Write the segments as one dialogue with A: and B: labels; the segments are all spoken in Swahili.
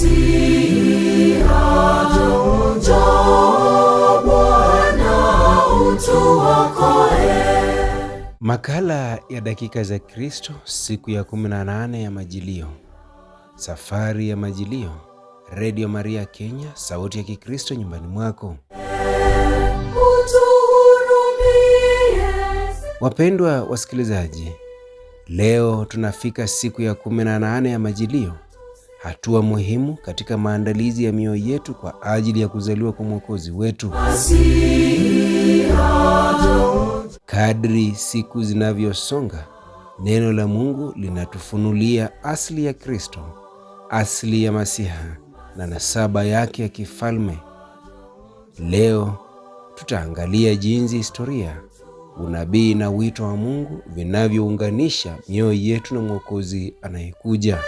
A: Eh. Makala ya dakika za Kristo, siku ya 18 ya Majilio, safari ya Majilio, Redio Maria Kenya, sauti ya Kikristo nyumbani mwako. Wapendwa wasikilizaji, leo tunafika siku ya 18 ya Majilio hatua muhimu katika maandalizi ya mioyo yetu kwa ajili ya kuzaliwa kwa Mwokozi wetu. Kadri siku zinavyosonga, neno la Mungu linatufunulia asili ya Kristo, asili ya Masiha na nasaba yake ya kifalme. Leo tutaangalia jinsi historia, unabii na wito wa Mungu vinavyounganisha mioyo yetu na Mwokozi anayekuja.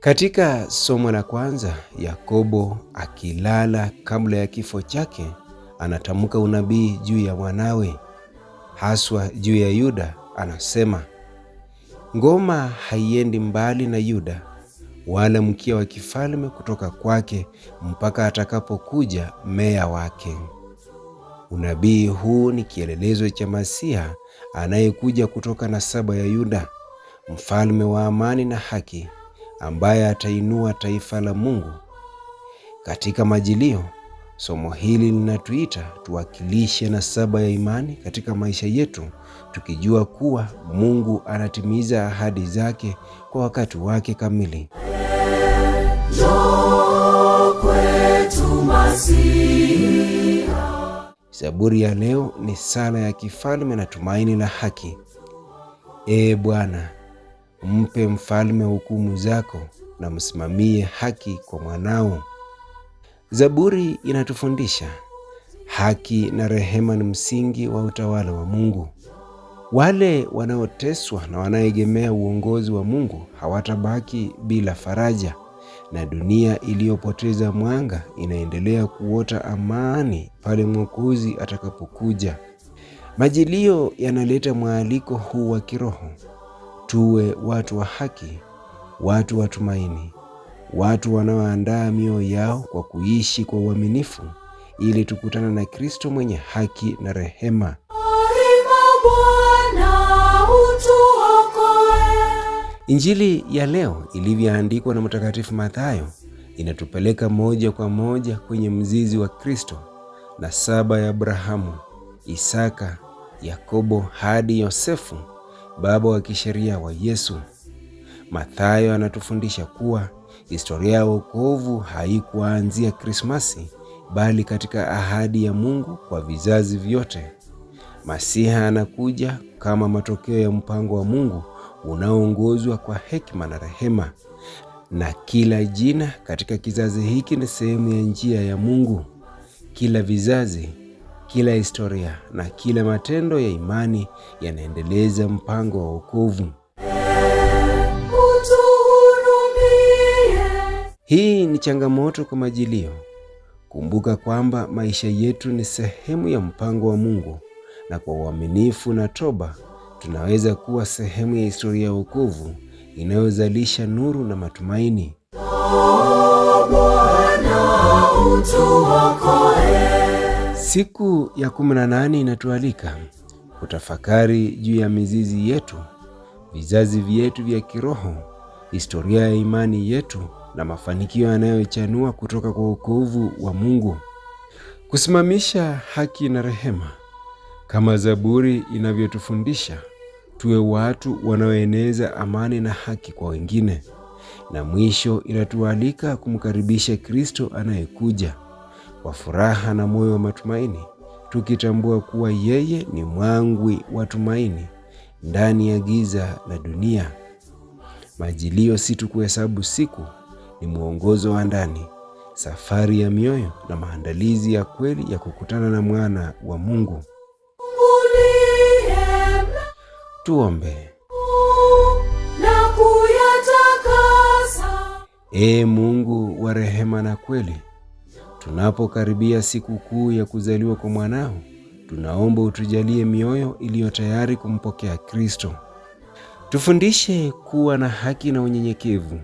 A: Katika somo la kwanza, Yakobo akilala kabla ya kifo chake anatamka unabii juu ya mwanawe, haswa juu ya Yuda. Anasema, ngoma haiendi mbali na Yuda, wala mkia wa kifalme kutoka kwake, mpaka atakapokuja meya wake. Unabii huu ni kielelezo cha masiha anayekuja kutoka nasaba ya Yuda mfalme wa amani na haki, ambaye atainua taifa la Mungu katika majilio. Somo hili linatuita tuwakilishe nasaba ya imani katika maisha yetu, tukijua kuwa Mungu anatimiza ahadi zake kwa wakati wake kamili. Zaburi ya leo ni sala ya kifalme na tumaini la haki. Ee Bwana, Mpe mfalme hukumu zako na msimamie haki kwa mwanao. Zaburi inatufundisha haki na rehema ni msingi wa utawala wa Mungu. Wale wanaoteswa na wanaegemea uongozi wa Mungu hawatabaki bila faraja, na dunia iliyopoteza mwanga inaendelea kuota amani pale Mwokozi atakapokuja. Majilio yanaleta mwaliko huu wa kiroho tuwe watu wa haki, watu wa tumaini, watu wanaoandaa mioyo yao kwa kuishi kwa uaminifu, ili tukutane na Kristo mwenye haki na rehema. Injili ya leo ilivyoandikwa na Mtakatifu Mathayo inatupeleka moja kwa moja kwenye mzizi wa Kristo na saba ya Abrahamu, Isaka, Yakobo hadi Yosefu baba wa kisheria wa Yesu. Mathayo anatufundisha kuwa historia ya wokovu haikuanzia Krismasi, bali katika ahadi ya Mungu kwa vizazi vyote. Masiha anakuja kama matokeo ya mpango wa Mungu unaoongozwa kwa hekima na rehema, na kila jina katika kizazi hiki ni sehemu ya njia ya Mungu. Kila vizazi kila historia na kila matendo ya imani yanaendeleza mpango wa wokovu. Hii ni changamoto kwa majilio. Kumbuka kwamba maisha yetu ni sehemu ya mpango wa Mungu, na kwa uaminifu na toba tunaweza kuwa sehemu ya historia ya wokovu inayozalisha nuru na matumaini. O Bwana, Siku ya kumi na nane inatualika kutafakari juu ya mizizi yetu, vizazi vyetu vya kiroho, historia ya imani yetu na mafanikio yanayochanua kutoka kwa wokovu wa Mungu. Kusimamisha haki na rehema kama Zaburi inavyotufundisha, tuwe watu wanaoeneza amani na haki kwa wengine. Na mwisho inatualika kumkaribisha Kristo anayekuja wa furaha na moyo wa matumaini, tukitambua kuwa yeye ni mwangwi wa tumaini ndani ya giza la dunia. Majilio si tu kuhesabu siku, ni mwongozo wa ndani, safari ya mioyo na maandalizi ya kweli ya kukutana na mwana wa Mungu. Tuombe. Ee Mungu wa rehema na kweli Tunapokaribia sikukuu ya kuzaliwa kwa mwanao, tunaomba utujalie mioyo iliyo tayari kumpokea Kristo. Tufundishe kuwa na haki na unyenyekevu,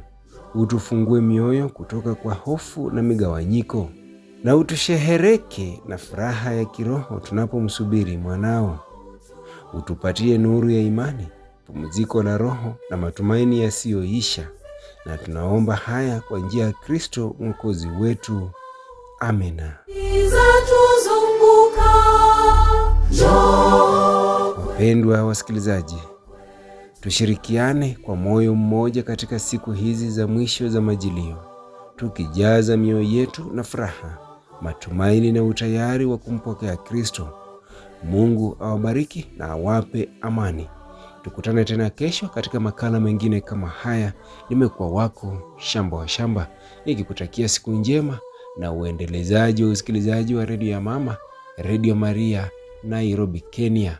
A: utufungue mioyo kutoka kwa hofu na migawanyiko, na utushehereke na furaha ya kiroho tunapomsubiri mwanao. Utupatie nuru ya imani, pumziko la roho na matumaini yasiyoisha, na tunaomba haya kwa njia ya Kristo mwokozi wetu. Amina. Wapendwa wasikilizaji, tushirikiane kwa moyo mmoja katika siku hizi za mwisho za Majilio, tukijaza mioyo yetu na furaha, matumaini na utayari wa kumpokea Kristo. Mungu awabariki na awape amani. Tukutane tena kesho katika makala mengine kama haya. Nimekuwa wako Shamba wa Shamba, nikikutakia siku njema na uendelezaji wa usikilizaji wa redio ya mama, Redio Maria, Nairobi, Kenya.